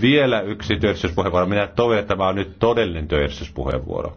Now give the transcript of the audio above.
vielä yksi työllisyyspuheenvuoro. Minä toivon, että tämä on nyt todellinen työllisyyspuheenvuoro.